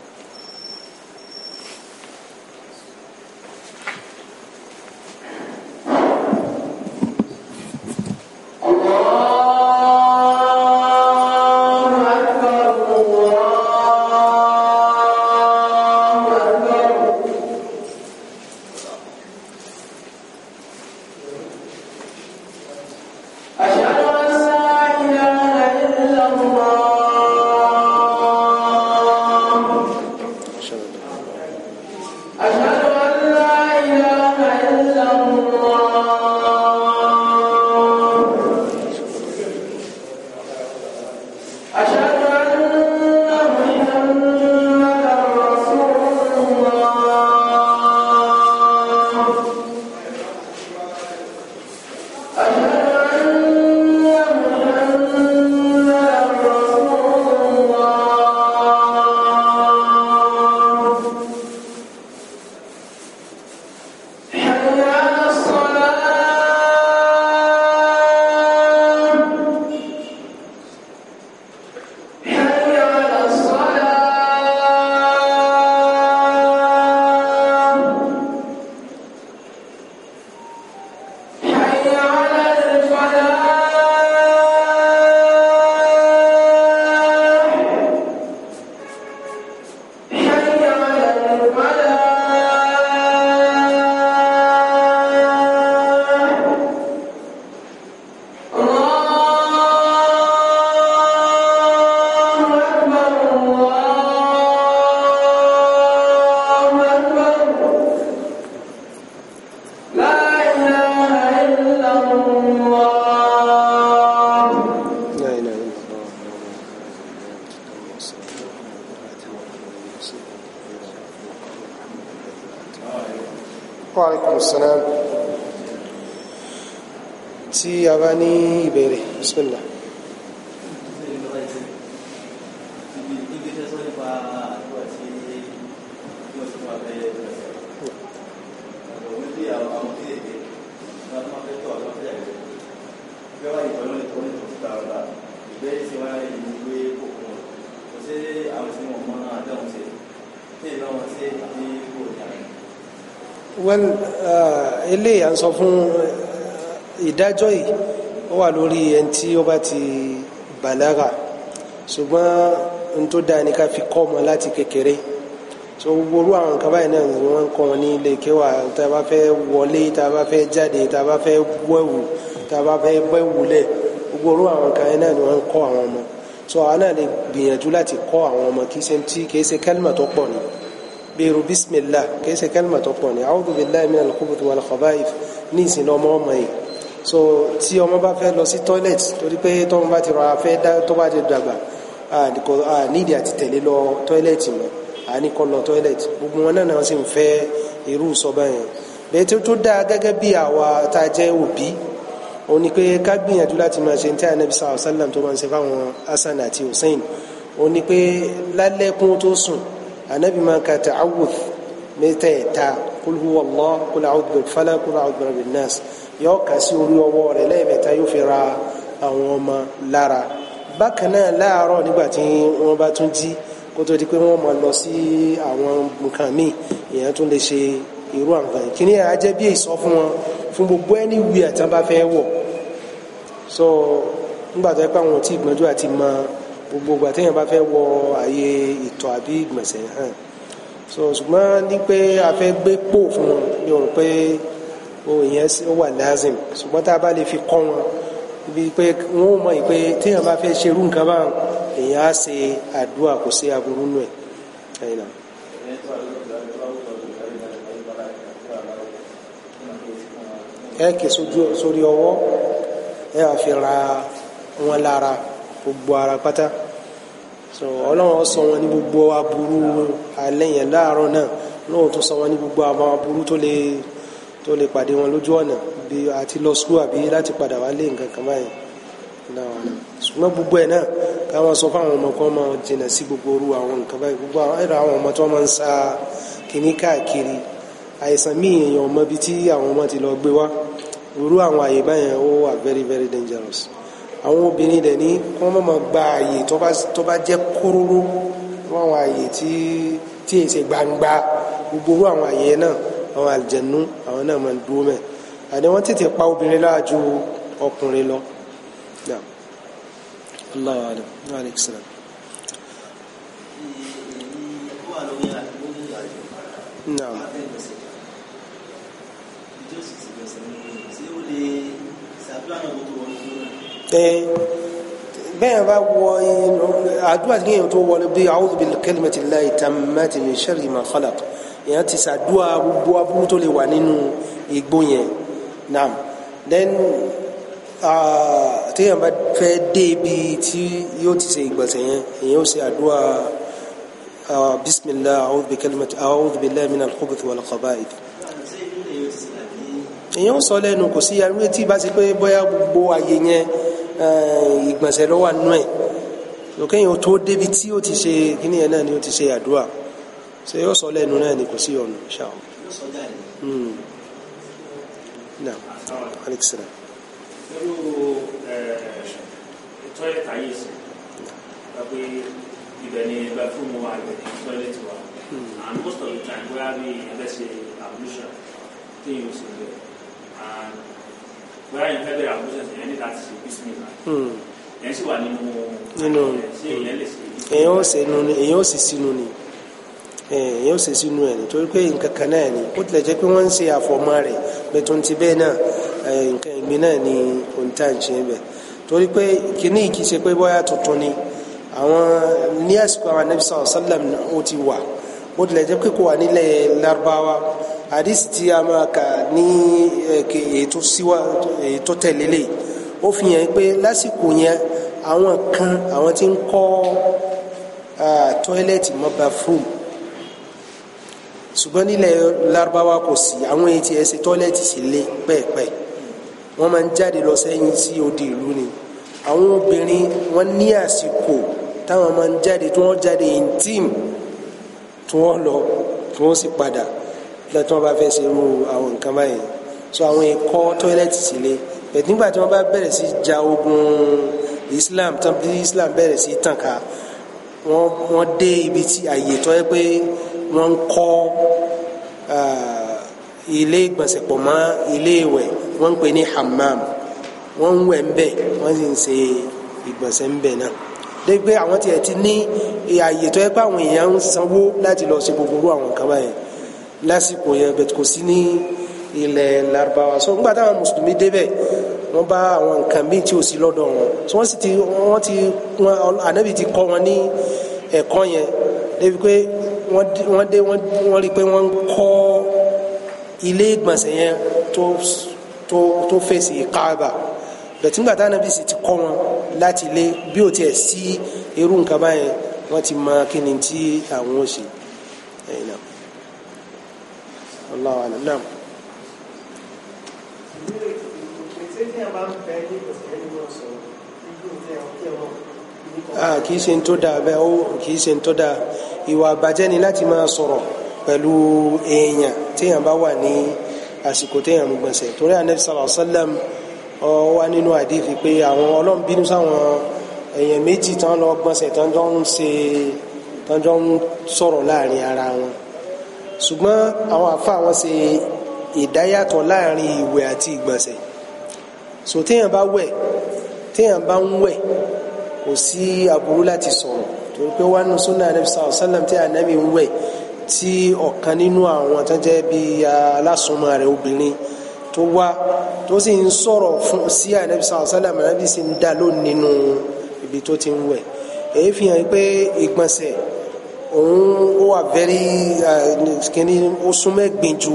well uh, eléyà ń sọ fún uh, ìdájọ́ yìí ó wà lórí ẹni tí ó bá ti bàlágà ṣùgbọ́n n tó dáa ni ká fi kọ́ ọmọ láti kékeré so gbogbo orú àwọn nǹkan báyìí náà ni wọ́n ń kọ́ wọn ní ilé kéwà tá a bá fẹ́ wọlé tá a bá fẹ́ jáde tá a bá fẹ́ wẹ̀wù tá a bá fẹ́ wẹ̀wùlẹ̀ gbogbo orú àwọn nǹkan yẹn náà ni wọ́n ń kọ́ àwọn ọmọ so àwọn náà lè gbìyànjú láti kọ́ àwọn ọmọ kì ṣe kí í ṣe kẹ́lìmọ̀ tó pọ̀ nìyẹn bẹ̀rù bismillah kìí ṣe kálmà tó pọ̀ ní a'udhu billahi minal khubuthi wal khaba'ith ní ìsìn ọmọ ọmọ yìí so tí ọmọ bá fẹ́ lọ sí toilet torí pé tọ́mọ bá ti rọra fẹ́ tó bá ti dàgbà nídìí àti tẹ̀lé lọ toilet mọ́ àníkọ́ lọ toilet gbogbo wọn náà sì ń fẹ́ irú sọ́bà yẹn bẹ́ẹ̀ tó dáa gẹ́gẹ́ bí àwa tá a jẹ́ òbí ó ní pé ká gbìyànjú láti máa ṣe tí ànábi sàlám tó máa ń ṣe fáwọn Hasan àti Hussein ó ní pé lálẹ́ tó sùn anabi máa ka ta'awudh mẹ́tẹ̀ẹ̀ta qul huwallah qul a'udhu bil falaq qul a'udhu bi rabbin nas yóò kà sí orí ọwọ́ rẹ̀ lẹ́ẹ̀mẹ́ta yóò fi ra àwọn ọmọ lára bákan náà láàárọ̀ nígbà tí wọ́n bá tún jí kó di pé wọ́n máa lọ sí àwọn nǹkan míì èèyàn tún lè ṣe irú àǹfààní kíní ẹ̀ á bí ìsọ fún wọn fún gbogbo ẹni wí àtàn bá fẹ́ wọ̀ so nígbà tó yẹ pé àwọn ò tí ì gbọ́njú àti mọ gbogbo ìgbà bá fẹ́ wọ àyè àbí ìgbọ̀nsẹ̀ hàn so ṣùgbọ́n ní pé a fẹ́ gbé pò fún wọn mi ò rò pé ohun yẹn ó wà lázìm ṣùgbọ́n tá a bá lè fi kọ́ wọn ibi pé wọ́n ó mọ̀ pé téèyàn bá fẹ́ ṣe irú nǹkan báwọn èèyàn á ṣe àdúrà kò sí aburú nù ẹ̀ ẹ̀yìn ẹ kì sójú sórí ọwọ́ ẹ àfi ra wọn lára gbogbo ara pátá so ọlọ́run sọ wọn ní gbogbo aburú alẹ́ yẹn láàárọ̀ náà lóun tó sọ wọn ní gbogbo àwọn aburú tó lè tó lè pàdé wọn lójú ọ̀nà bí àti lọ sùkúù àbí láti padà wá lé nǹkan kan báyìí náà ṣùgbọ́n gbogbo ẹ̀ náà káwọn sọ fáwọn ọmọ kan máa jìnà sí gbogbo orú àwọn nǹkan báyìí gbogbo ẹ̀rọ àwọn ọmọ tó máa ń sa kìíní káàkiri àìsàn míì èèyàn ọmọ bíi tí àwọn ọmọ ti lọ gbé wá orú àwọn àyè báyẹn ó wà very very dangerous àwọn obìnrin dẹ̀ ní kí wọ́n máa gba àyè tó bá jẹ́ kúrúrú àwọn àyè tí èsè gbangba gbogbo àwọn àyè náà àwọn àlùjànnú àwọn náà máa ń dúró mẹ́ àdé wọ́n tètè pa obìnrin lára ju ọkùnrin lọ. Allahu pé bẹ́ẹ̀ bá wọ àdúrà tí kéèyàn tó wọlé bí a'udhu bi kalimatillahi tammati min sharri ma khalaq èèyàn ti sàdúrà gbogbo aburú tó lè wà nínú igbó yẹn naam then téèyàn bá fẹ́ dé ibi tí yóò ti ṣe ìgbọ̀nsẹ̀ yẹn èèyàn ó ṣe àdúrà bismillah a'udhu bi kalimati a'udhu billahi minal khubuthi wal khaba'ith èèyàn ó sọ lẹ́nu kò sí arúgbó tí bá ti pé bóyá gbogbo àyè yẹn. Eh, ìgbọ̀nsẹ̀ lọ́wọ́ nú ẹ̀ lókèyìn ó tó débi tí ó ti ṣe kíní ẹ̀ náà ni ó ti ṣe àdúrà ṣe yóò sọ lẹ́nu náà ni kò sí ọ̀nà ṣáà. Hmm. Naam, alaykum salaam. Irú tọ́lẹ̀tì ayé sí, wípé ibẹ̀ ni bàfúùmù wa, ibẹ̀ ni tọ́lẹ̀tì wa. And most of the time, bóyá bí ẹgbẹ́ ṣe ablution, tí yóò ṣe bẹ̀. And bóyá yìí fẹ́ bẹ̀rẹ̀ àbúṣe ẹ̀yẹ́ níta ti ṣe bísímìlá ẹ̀yẹ́ hmm. sì wà nínú ṣé ìyẹn lè ṣe èyàn ó sènú ni èyàn ó sì sínú ni èyàn ó sì sínú ẹ̀ nítorí pé nǹkan kan náà ni ó tilẹ̀ jẹ́ pé wọ́n ń ṣe àfọ̀mọ́ rẹ̀ bẹ̀tún ti bẹ́ẹ̀ náà nǹkan ìgbín náà ni ohun tá à ń ṣe bẹ̀ torí pé kíní kìí ṣe pé bóyá tuntun ni àwọn ní àsìkò àwọn anabi sàlọ́sálàm ó ti wà ó tilẹ̀ jẹ́ pé kò wà nílẹ̀ lárúbáwá hadith tí a máa kà ní eh, ètò síwá ètò tẹ̀lélẹ̀ ó fi hàn pé lásìkò yẹn àwọn kan àwọn tí ń kọ́ tọ́ílẹ̀tì mọ́ bathroom ṣùgbọ́n nílẹ̀ lárúbáwá kò sí àwọn etí ẹsẹ̀ tọ́ílẹ̀tì sí lé pẹ́ẹ́pẹ́ wọ́n máa ń jáde lọ sẹ́yìn sí odi ìlú ni àwọn obìnrin wọ́n ní àsìkò táwọn máa ń jáde tí wọ́n jáde intime tí wọ́n lọ tí wọ́n sì padà lẹ́tọ́ bá fẹ́ ṣe irú àwọn nǹkan báyìí so àwọn ẹ̀kọ́ tọ́ílẹ̀tì sílé bẹ̀t nígbà tí wọ́n bá bẹ̀rẹ̀ sí ja ogun Islam tán bí Islam bẹ̀rẹ̀ sí tàn ká wọ́n wọ́n dé ibi tí àyè tọ́ yẹ pé wọ́n ń kọ́ ilé ìgbọ̀nsẹ̀ pọ̀ mọ́ ilé ìwẹ̀ wọ́n ń pè ní hammam wọ́n ń wẹ̀ ń bẹ̀ wọ́n sì ń ṣe ìgbọ̀nsẹ̀ ń bẹ̀ náà dẹ́gbẹ́ àwọn tiẹ̀ ti ní àyè tọ́ yẹ pé àwọn èèyàn ń sanwó láti lọ ṣe gbogbo àwọn nǹkan báyìí lásìkò yẹn bẹ̀tù kò sí ní ilẹ̀ Lárúbáwá so nígbà táwọn mùsùlùmí débẹ̀ wọ́n bá àwọn nǹkan míì tí ò sí lọ́dọ̀ wọn so wọ́n sì ti wọ́n ti wọn ànábì ti kọ́ wọn ní ẹ̀kọ́ yẹn débi pé wọ́n dé wọ́n rí i pé wọ́n ń kọ́ ilé ìgbọ̀nsẹ̀ yẹn tó tó tó fèsì káàbà bẹ̀tù nígbà táwọn ànábì sì ti kọ́ wọn láti ilé bí ò tiẹ̀ sí irú nǹkan báyẹn wọ́n ti mọ kí ni tí àwọn ò ṣe ẹ̀yìn náà. Allahu a'lam náà. Ah, kì í ṣe ń tó dáa bẹ́ẹ̀ ó kì í ṣe ń tó dáa ìwà àbàjẹ́ ni láti máa sọ̀rọ̀ pẹ̀lú èèyàn téèyàn bá wà ní àsìkò téèyàn ń gbọ̀nsẹ̀ torí Ànábì sallallahu alaihi wasallam ó wà nínú àdífi pé àwọn Ọlọ́run bínú sáwọn èèyàn méjì tán lọ gbọ̀nsẹ̀ tán jọ ń ṣe tán jọ ń sọ̀rọ̀ láàrin ara wọn ṣùgbọ́n àwọn àfa wọn ṣe ìdáyàtọ̀ láàrin ìwẹ̀ àti ìgbọ̀nsẹ̀ so téèyàn bá wẹ̀ téèyàn bá ń wẹ̀ kò sí aburú láti sọ̀rọ̀ torí pé wọ́n nu sunna anabi sallallahu alaihi wasallam tí anabi ń wẹ̀ tí ọ̀kan nínú àwọn tó jẹ́ bí alásùnmọ́ rẹ̀ obìnrin tó wá tó sì ń sọ̀rọ̀ fún sí anabi sallallahu alaihi wasallam anabi sì ń dá lónìí nínú ibi tó ti ń wẹ̀ èyí fi hàn pé ìgbọ̀nsẹ̀ òun ó wà very eh, kìíní ó súnmọ́ ẹ̀gbin ju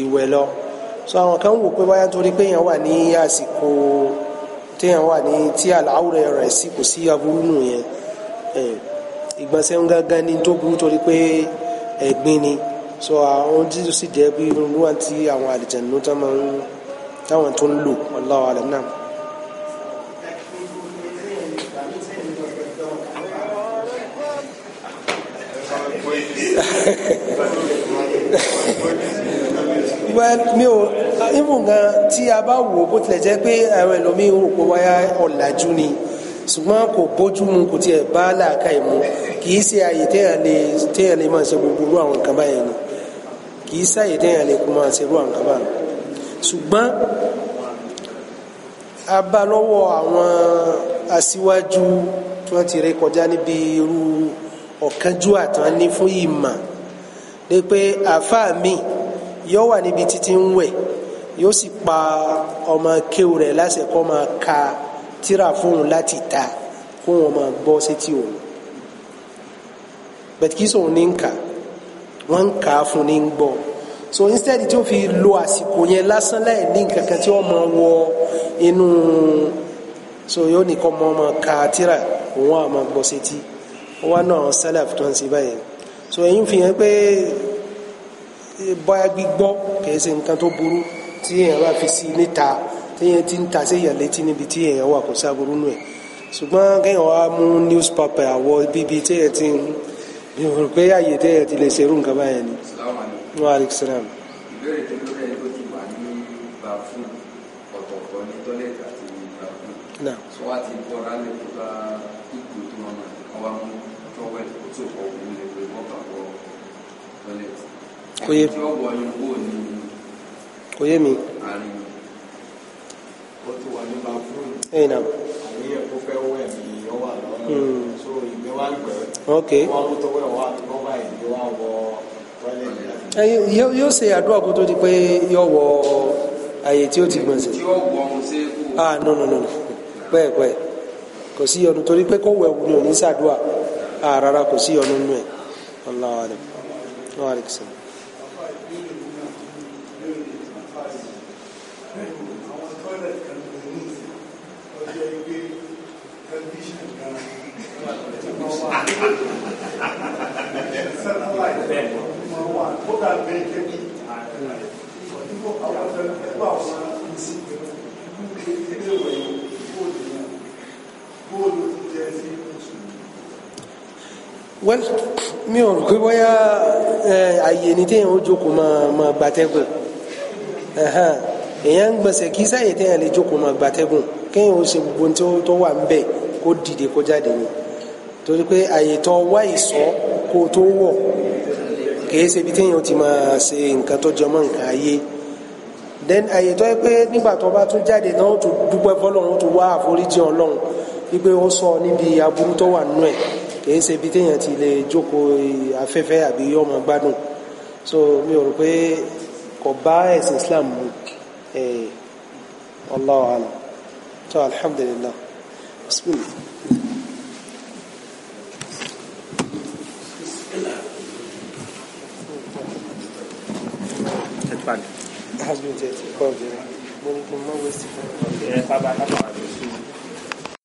ìwẹ̀ lọ so àwọn kan wò pé báyà torí pé èèyàn wà ní àsìkò téèyàn wà ní tí àláwùrẹ̀ rẹ̀ sì kò sí aburú nù yẹn eh, ìgbọ̀nsẹ̀ ń gángan ni tó burú torí pé ẹ̀gbin ni so àwọn jíjù sì jẹ́ bí irun wà tí àwọn àlìjẹ̀nù táwọn tó ń lò Allahu alam náà. <laughs> mi ò even gan tí a bá wò bó tilẹ̀ jẹ́ pé àwọn ẹlòmíín rò pé wáyà ọ̀làjú ni ṣùgbọ́n kò bójú mu kò tiẹ̀ bá làákàyè mu kì í ṣe àyè téèyàn lè téèyàn lè máa ṣe gbogbo irú àwọn nǹkan báyẹn ni kì í ṣàyè téèyàn lè kó máa ṣe irú àwọn nǹkan báyẹn ṣùgbọ́n a bá lọ́wọ́ àwọn aṣíwájú tí wọ́n ti ré kọjá níbi irú ọ̀kánjú àtàn ní fún ìmọ̀ de pé àáfàá mi yóò wà níbi títí ń wẹ̀ yóò sì pa ọmọ kéwù rẹ̀ láṣẹ kó máa ka tíra fóun láti ta kó wọn máa gbọ́ sétí òun bẹ̀tí kí ní ń kà wọ́n ń kà á fún ní ń gbọ́ so instead tí ó fi lo àsìkò yẹn lásán láì ní nǹkan kan tí wọ́n máa wọ inú so yóò nìkan mọ́ ọmọ ka tíra òun á máa gbọ́ sétí ó wá náà sálàf tó ń ṣe báyìí so ẹ̀yin fi hàn pé bọ́yá gbígbọ́ kìí ṣe nǹkan tó burú tí èèyàn bá fi sí níta téèyàn ti ń ta sí èèyàn létí níbi tí èèyàn wà kò sáburú nù ẹ̀ ṣùgbọ́n kéèyàn wá mú newspaper àwọ bíbi téèyàn ti ń mi ò rò pé àyè téèyàn ti lè ṣerú nǹkan báyẹn ni. wa aleykum salaam. ìbéèrè tó lórí ẹni tó ti wà ní bàfún ọ̀tọ̀ọ̀tọ̀ ní tọ́lẹ̀tì àti bàfún. sọ wá ti bọ́ra kò yé kò yé mi. ẹ nà. Hmm. ok. yóò ṣe àdúrà kó tó di pé yóò wọ àyè tí ó ti gbọ̀nsẹ̀. ah no no no bẹ́ẹ̀ bẹ́ẹ̀ kò sí ọdún torí pé kó wẹ̀ ọ̀gbìn ò ní ṣàdúrà ah rárá kò sí ọdún nù ẹ̀. Allah alaykum. Wa alaykum salam. well mi ò rò pé bóyá àyè ni téèyàn ó jókòó máa máa gbatẹ́gùn èèyàn ń gbọ̀nsẹ̀ kí sáyè téèyàn lè jókòó máa gbatẹ́gùn kéèyàn ó ṣe gbogbo ohun tó wà ń bẹ̀ kó dìde kó jáde ni torí pé àyè tó wá ìsọ kó tó wọ̀ kìí ṣe ibi téèyàn ti máa ṣe nǹkan tó jọmọ́ nǹkan ayé then àyè tó yẹ pé nígbà tó bá tún jáde náà ó tún dúpẹ́ fọ́lọ́run ó tún wá àforíjì ọlọ́run wípé ó sọ níbi aburú tó wà nínú ẹ̀ kìí ṣe ibi téèyàn ti lè jókòó afẹ́fẹ́ àbí ọmọ gbádùn so mi ò rò pé kò bá ẹ̀sìn Islam mu ẹ̀ Allahu alam so alhamdulillah bismillah. padà. that has been it. kọ́ ọ̀jẹ̀ mo ní kí n